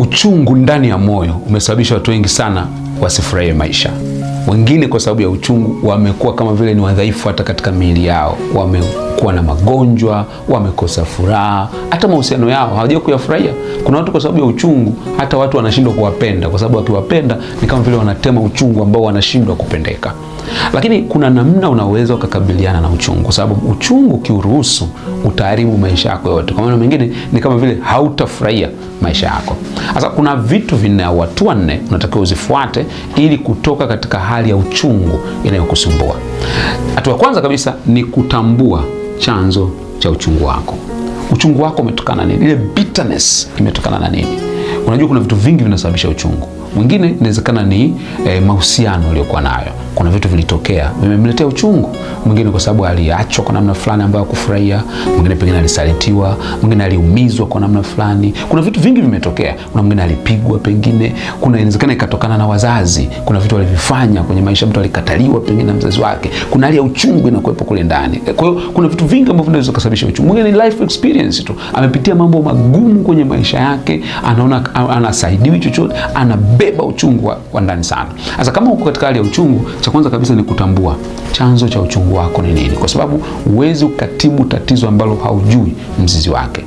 uchungu ndani ya moyo umesababisha watu wengi sana wasifurahie maisha. Wengine kwa sababu ya uchungu wamekuwa kama vile ni wadhaifu hata katika miili yao, wamekuwa na magonjwa, wamekosa furaha, hata mahusiano yao hawajai kuyafurahia. Kuna watu kwa sababu ya uchungu, hata watu wanashindwa kuwapenda, kwa sababu wakiwapenda ni kama vile wanatema uchungu ambao wanashindwa kupendeka. Lakini kuna namna unaweza ukakabiliana na uchungu, kwa sababu uchungu ukiuruhusu utaharibu maisha yako yote. Kwa maana mengine ni kama vile hautafurahia maisha yako. Sasa kuna vitu vinne au watu wanne unatakiwa uzifuate ili kutoka katika hali ya uchungu inayokusumbua. Hatua kwanza kabisa ni kutambua chanzo cha uchungu wako. Uchungu wako umetokana nini? Ile bitterness imetokana na nini? Unajua kuna vitu vingi vinasababisha uchungu. Mwingine inawezekana ni eh, mahusiano uliyokuwa nayo kuna vitu vilitokea vimemletea uchungu. Mwingine kwa sababu aliachwa kwa namna fulani ambayo kufurahia, mwingine pengine alisalitiwa, mwingine aliumizwa kwa namna fulani. Kuna vitu vingi vimetokea. Kuna mwingine alipigwa, pengine kuna inawezekana ikatokana na wazazi, kuna vitu walivifanya kwenye maisha, mtu alikataliwa pengine na mzazi wake, kuna hali ya uchungu inakuwepo kule ndani. Eh, kwa hiyo kuna vitu vingi ambavyo vinaweza kusababisha uchungu. Mwingine ni life experience tu, amepitia mambo magumu kwenye maisha yake, anaona anasaidiwi chochote, anabeba uchungu wa ndani sana. Sasa kama uko katika hali ya uchungu cha kwanza kabisa ni kutambua chanzo cha uchungu wako ni nini, kwa sababu huwezi ukatibu tatizo ambalo haujui mzizi wake.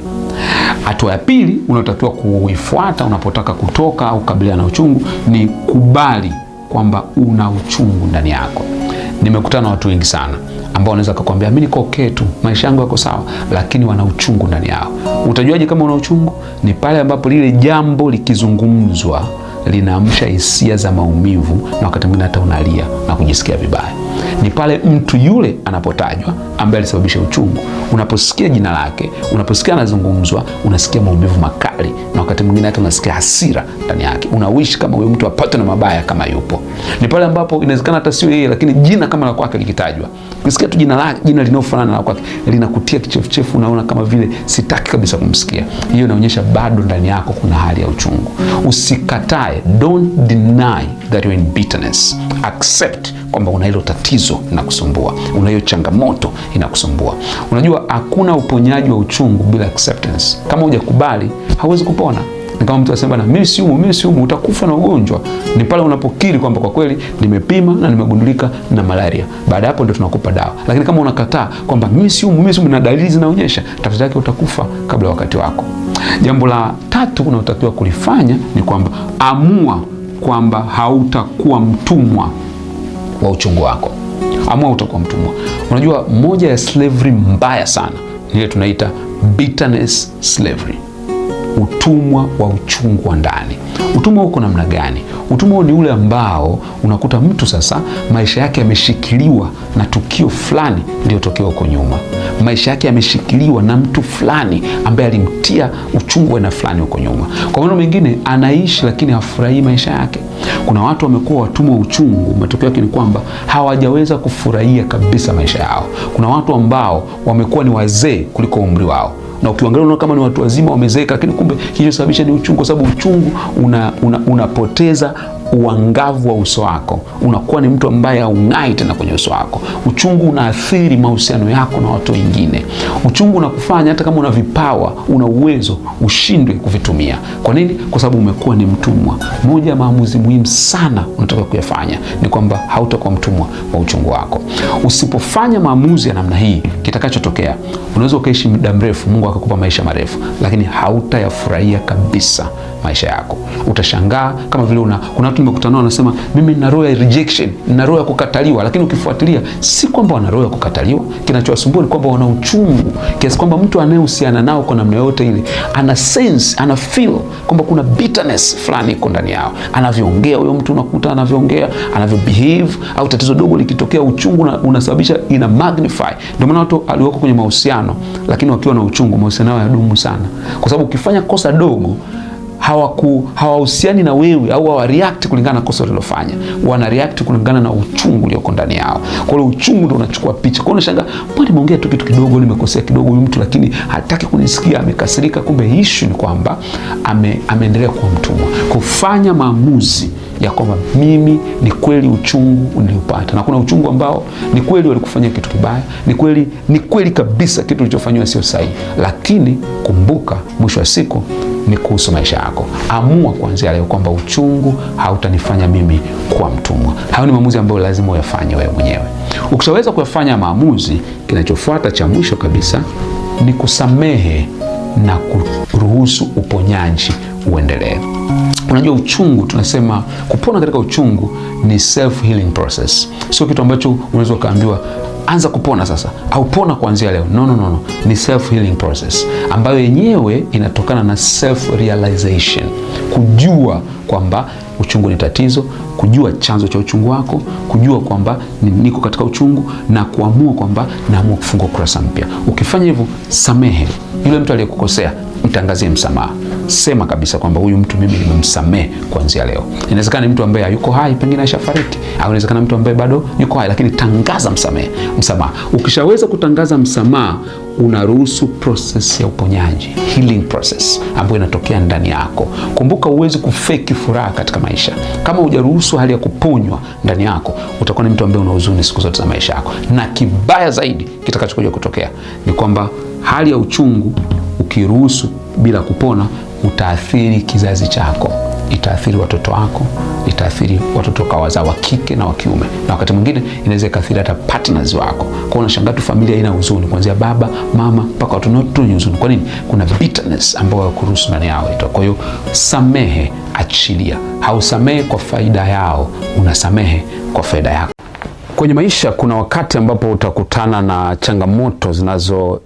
Hatua ya pili unaotakiwa kuifuata unapotaka kutoka au kukabiliana na uchungu ni kubali kwamba una uchungu ndani yako. Nimekutana na watu wengi sana ambao wanaweza kukwambia mimi niko okay tu, maisha yangu yako sawa, lakini wana uchungu ndani yao. Utajuaje kama una uchungu? Ni pale ambapo lile jambo likizungumzwa linaamsha hisia za maumivu na wakati mwingine hata unalia na kujisikia vibaya. Ni pale mtu yule anapotajwa ambaye alisababisha uchungu. Unaposikia jina lake, unaposikia anazungumzwa, unasikia maumivu makali na wakati mwingine hata unasikia hasira ndani yake. Unawishi kama huyo mtu apatwe na mabaya kama yupo. Ni pale ambapo inawezekana hata sio yeye, lakini jina kama la kwake likitajwa Ukisikia tu jina lake, jina linalofanana na kwake linakutia kichefuchefu, unaona kama vile sitaki kabisa kumsikia. Hiyo inaonyesha bado ndani yako kuna hali ya uchungu. Usikatae, don't deny that you're in bitterness. Accept kwamba una hilo tatizo linakusumbua, una hiyo changamoto inakusumbua. Unajua hakuna uponyaji wa uchungu bila acceptance. Kama hujakubali, hauwezi kupona. Na kama mtu asema bana, mimi siumu, mimi siumu, utakufa na ugonjwa, ni pale unapokiri kwamba kwa kweli nimepima na nimegundulika na malaria. Baada hapo ndio tunakupa dawa. Lakini kama unakataa kwamba mimi siumu, mimi siumu na dalili zinaonyesha, tatizo yake utakufa kabla wakati wako. Jambo la tatu unaotakiwa kulifanya ni kwamba amua kwamba hautakuwa mtumwa wa uchungu wako. Amua utakuwa mtumwa. Unajua, moja ya slavery mbaya sana ni ile tunaita bitterness slavery utumwa wa uchungu wa ndani. Utumwa uko namna gani? Utumwa ni ule ambao unakuta mtu sasa maisha yake yameshikiliwa na tukio fulani lililotokea huko nyuma, maisha yake yameshikiliwa na mtu fulani ambaye alimtia uchungu aina fulani huko nyuma. Kwa maneno mengine, anaishi lakini hafurahii maisha yake. Kuna watu wamekuwa watumwa wa uchungu, matokeo yake ni kwamba hawajaweza kufurahia kabisa maisha yao. Kuna watu ambao wamekuwa ni wazee kuliko umri wao na ukiangalia unaona kama ni watu wazima wamezeeka, lakini kumbe kilichosababisha ni uchungu, kwa sababu uchungu unapoteza una, una uangavu wa uso wako, unakuwa ni mtu ambaye haung'ai tena kwenye uso wako. Uchungu unaathiri mahusiano yako na watu wengine. Uchungu unakufanya hata kama una vipawa, una uwezo, ushindwe kuvitumia. Kwa nini? Kwa sababu umekuwa ni mtumwa. Moja ya maamuzi muhimu sana unataka kuyafanya ni kwamba hautakuwa mtumwa wa uchungu wako. Usipofanya maamuzi ya namna hii, kitakachotokea unaweza ukaishi muda mrefu, Mungu akakupa maisha marefu, lakini hautayafurahia kabisa maisha yako. Utashangaa kama vile una kuna watu lakini makutano mimi nina roho ya rejection, nina roho ya kukataliwa. Lakini ukifuatilia si kwamba wana roho ya kukataliwa, kinachowasumbua ni kwamba wana uchungu kiasi kwamba mtu anayehusiana nao kwa namna yote ile ana sense, ana feel kwamba kuna bitterness fulani iko ndani yao. Anavyoongea huyo mtu unakuta anavyoongea, behave, au tatizo dogo likitokea, uchungu unasababisha ina magnify. Ndio maana watu aliwako kwenye mahusiano, lakini wakiwa na uchungu, mahusiano yao yadumu sana, kwa sababu ukifanya kosa dogo hawahusiani na wewe au hawareact kulingana na kosa ulilofanya, wanareact kulingana na uchungu ulioko ndani yao. Kwa hiyo uchungu ndio unachukua picha. Kwa hiyo mbona nimeongea tu kitu kidogo, nimekosea kidogo huyu mtu, lakini hataki kunisikia, amekasirika. Kumbe issue ni kwamba ame, ameendelea kuwa mtumwa, kufanya maamuzi ya kwamba mimi ni kweli uchungu uliopata na kuna uchungu ambao ni kweli walikufanyia kitu kibaya, ni kweli, ni kweli kabisa kitu ulichofanyiwa sio sahihi, lakini kumbuka, mwisho wa siku ni kuhusu maisha yako. Amua kuanzia leo kwamba uchungu hautanifanya mimi kuwa mtumwa. Hayo ni maamuzi ambayo lazima uyafanye wewe mwenyewe. Ukishaweza kuyafanya maamuzi, kinachofuata cha mwisho kabisa ni kusamehe na kuruhusu uponyaji uendelee. Unajua, uchungu tunasema kupona katika uchungu ni self healing process, sio kitu ambacho unaweza ukaambiwa anza kupona sasa au pona kuanzia leo. No, no, no, no. Ni self healing process ambayo yenyewe inatokana na self realization, kujua kwamba uchungu ni tatizo, kujua chanzo cha uchungu wako, kujua kwamba niko katika uchungu na kuamua kwamba naamua kufungua ukurasa mpya. Ukifanya hivyo, samehe yule mtu aliyekukosea, mtangazie msamaha. Sema kabisa kwamba huyu mtu mimi nimemsamehe kuanzia leo. Inawezekana ni mtu ambaye hayuko hai, pengine ashafariki, au inawezekana mtu ambaye bado yuko hai, lakini tangaza msamehe, Msamaha ukishaweza kutangaza msamaha unaruhusu process ya uponyaji, healing process ambayo inatokea ndani yako. Kumbuka, huwezi kufeki furaha katika maisha. Kama hujaruhusu hali ya kuponywa ndani yako, utakuwa ni mtu ambaye una huzuni siku zote za maisha yako, na kibaya zaidi kitakachokuja kutokea ni kwamba hali ya uchungu ukiruhusu bila kupona, utaathiri kizazi chako itaathiri watoto wako, itaathiri watoto wazao wa kike na wa kiume, na wakati mwingine inaweza ikaathiri hata partners wako. Kwa hiyo unashangaa tu familia ina huzuni, kuanzia baba, mama mpaka watoto wote wenye huzuni. Kwa nini? Kuna bitterness ambayo kuruhusu ndani yao ito. Kwa hiyo samehe, achilia. Hausamehe kwa faida yao, unasamehe kwa faida yako. Kwenye maisha kuna wakati ambapo utakutana na changamoto zinazo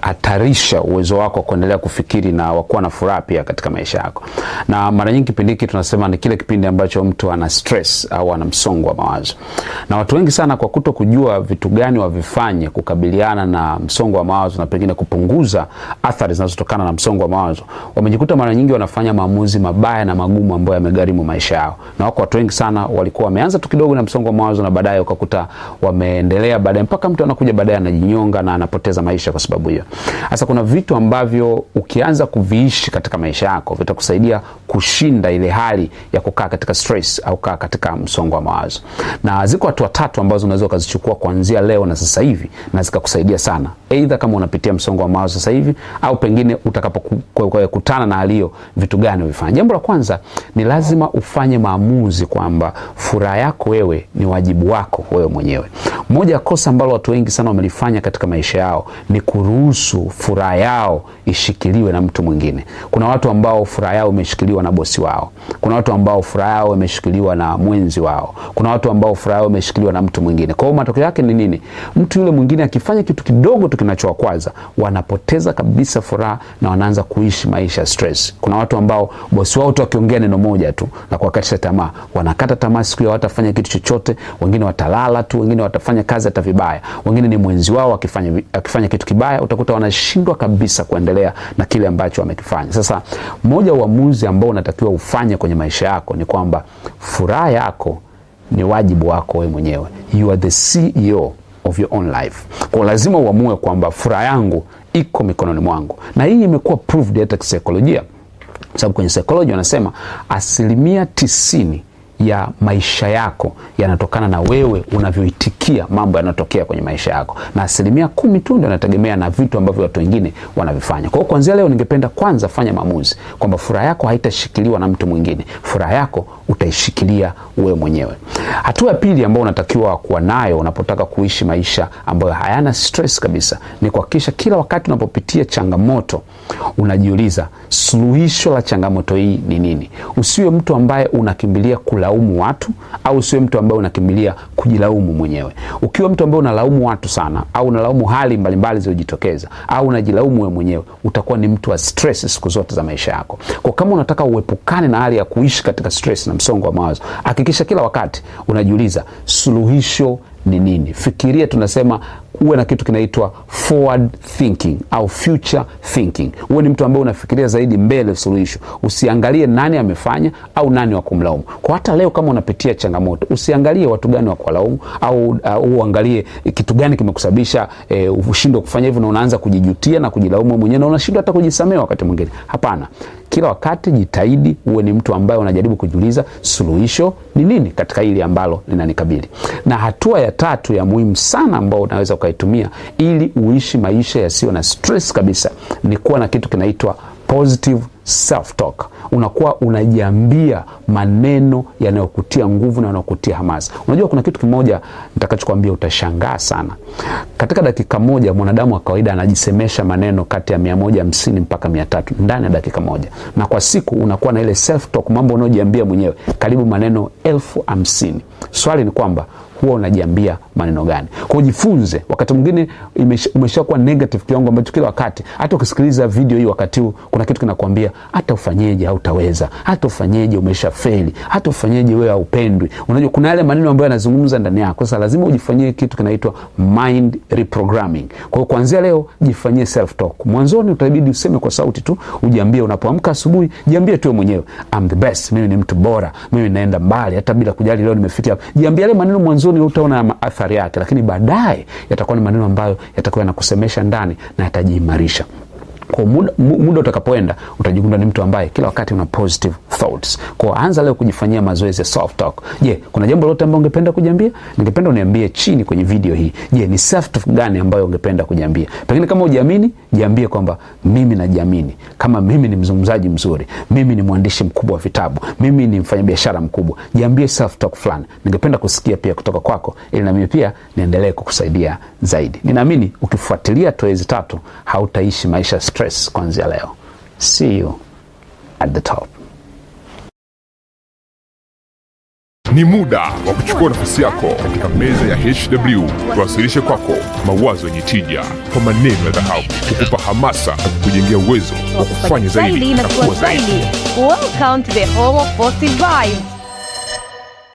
hatarisha uwezo wako wa kuendelea kufikiri na wakuwa na furaha pia katika maisha yako. Na mara nyingi kipindi hiki tunasema ni kile kipindi ambacho mtu ana stress au ana msongo wa mawazo, na watu wengi sana kwa kuto kujua vitu gani wavifanye kukabiliana na msongo wa mawazo na pengine kupunguza athari zinazotokana na msongo wa mawazo, wamejikuta mara nyingi wanafanya maamuzi mabaya na magumu ambayo yamegharimu maisha yao, na wako watu wengi sana walikuwa wameanza tu kidogo na msongo wa mawazo, na baadaye ukakuta wameendelea, baadaye mpaka mtu anakuja baadaye anajinyonga na anapoteza maisha kwa sababu hiyo. Sasa kuna vitu ambavyo ukianza kuviishi katika maisha yako vitakusaidia kushinda ile hali ya kukaa katika stress au kukaa katika msongo wa mawazo, na ziko hatua tatu ambazo unaweza ukazichukua kuanzia leo na sasa hivi na zikakusaidia sana, aidha kama unapitia msongo wa mawazo sasa hivi au pengine utakapokutana na hali hiyo, vitu gani uvifanya. Jambo la kwanza ni lazima ufanye maamuzi kwamba furaha yako wewe ni wajibu wako wewe mwenyewe. Moja ya kosa ambalo watu wengi sana wamelifanya katika maisha yao ni kuruhusu kuruhusu furaha yao ishikiliwe na mtu mwingine. Kuna watu ambao furaha yao imeshikiliwa na bosi wao, kuna watu ambao furaha yao imeshikiliwa na mwenzi wao, kuna watu ambao furaha yao imeshikiliwa na mtu mwingine. Kwa hiyo matokeo yake ni nini? Mtu yule mwingine akifanya kitu kidogo tu kinachowakwaza, wanapoteza kabisa furaha na wanaanza kuishi maisha stress. Kuna watu ambao bosi wao tu akiongea neno moja tu na kuwakatisha tamaa, wanakata tamaa, siku hiyo hawatafanya kitu chochote. Wengine watalala tu, wengine watafanya kazi hata vibaya, wengine ni mwenzi wao akifanya akifanya kitu kibaya utakuta unakuta wanashindwa kabisa kuendelea na kile ambacho wamekifanya. Sasa moja wa uamuzi ambao unatakiwa ufanye kwenye maisha yako ni kwamba furaha yako ni wajibu wako wewe mwenyewe. You are the CEO of your own life. Kwa lazima uamue kwamba furaha yangu iko mikononi mwangu, na hii imekuwa proved hata kisaikolojia, sababu kwenye saikolojia wanasema asilimia tisini ya maisha yako yanatokana na wewe unavyo kulalamikia mambo yanayotokea kwenye maisha yako, na asilimia kumi tu ndio yanategemea na vitu ambavyo watu wengine wanavifanya. Kwa hiyo kuanzia leo, ningependa kwanza, fanya maamuzi kwamba furaha yako haitashikiliwa na mtu mwingine, furaha yako utaishikilia wewe mwenyewe. Hatua ya pili ambayo unatakiwa kuwa nayo unapotaka kuishi maisha ambayo hayana stress kabisa ni kuhakikisha kila wakati unapopitia changamoto unajiuliza suluhisho la changamoto hii ni nini? Usiwe mtu ambaye unakimbilia kulaumu watu, au usiwe mtu ambaye unakimbilia kujilaumu mwenyewe. Ukiwa mtu ambaye unalaumu watu sana, au unalaumu hali mbalimbali zilizojitokeza, au unajilaumu wewe mwenyewe, utakuwa ni mtu wa stress siku zote za maisha yako. Kwa kama unataka uepukane na hali ya kuishi katika stress na msongo wa mawazo, hakikisha kila wakati unajiuliza suluhisho ni nini. Fikiria, tunasema uwe na kitu kinaitwa forward thinking au future thinking. Uwe ni mtu ambaye unafikiria zaidi mbele suluhisho, usiangalie nani amefanya au nani wa kumlaumu. Kwa hata leo kama unapitia changamoto, usiangalie watu gani wa kulaumu au uh, uangalie eh, kitu gani kimekusababisha eh, ushindwe kufanya hivyo, na unaanza kujijutia na kujilaumu mwenyewe na unashindwa hata kujisamea wakati mwingine. Hapana, kila wakati jitahidi uwe ni mtu ambaye unajaribu kujiuliza suluhisho ni nini katika hili ambalo linanikabili. Na hatua ya tatu ya muhimu sana ambayo unaweza ukaitumia ili uishi maisha yasiyo na stress kabisa ni kuwa na kitu kinaitwa positive self talk unakuwa unajiambia maneno yanayokutia nguvu na yanayokutia hamasa. Unajua kuna kitu kimoja nitakachokwambia utashangaa sana. Katika dakika moja mwanadamu wa kawaida anajisemesha maneno kati ya 150 mpaka 300 ndani ya dakika moja, na kwa siku unakuwa na ile self talk, mambo unayojiambia mwenyewe karibu maneno elfu hamsini. Swali ni kwamba huwa unajiambia maneno gani? Kwa jifunze, wakati mwingine umeshakuwa negative kiwango ambacho kila wakati hata ukisikiliza video hii wakati huu kuna kitu kinakwambia hata ufanyeje hautaweza, hata ufanyeje umesha feli, hata ufanyeje wewe haupendwi. Unajua kuna yale maneno ambayo yanazungumza ndani yako. Sasa lazima ujifanyie kitu kinaitwa mind reprogramming. Kwa hiyo kuanzia leo jifanyie self talk. Mwanzoni utabidi useme kwa sauti tu, ujiambie unapoamka asubuhi, jiambie tu mwenyewe I'm the best, mimi ni mtu bora, mimi naenda mbali hata bila kujali leo nimefikia. Jiambie yale maneno mwanzo mwanzoni utaona athari yake, lakini baadaye yatakuwa ni maneno ambayo yatakuwa yanakusemesha ndani na yatajiimarisha. Kwa muda, muda utakapoenda utajikuta ni mtu ambaye kila wakati una positive thoughts. Kwa anza leo kujifanyia mazoezi ya self talk. Je, kuna jambo lolote ambalo ungependa kujiambia? Ningependa uniambie chini kwenye video hii. Je, ni self talk gani ambayo ungependa kujiambia? Pengine kama hujiamini Jiambie kwamba mimi najiamini, kama mimi ni mzungumzaji mzuri, mimi ni mwandishi mkubwa wa vitabu, mimi ni mfanyabiashara mkubwa. Jiambie self talk fulani, ningependa kusikia pia kutoka kwako, ili na mimi pia niendelee kukusaidia zaidi. Ninaamini ukifuatilia toezi tatu, hautaishi maisha stress kuanzia leo. See you at the top. Ni muda wa kuchukua nafasi yako katika meza ya HW, tuwasilishe kwako mawazo yenye tija kwa maneno ya dhahabu, kukupa hamasa na kukujengea uwezo wa kufanya zaidi na kuwa zaidi. Welcome to the home of positive vibes.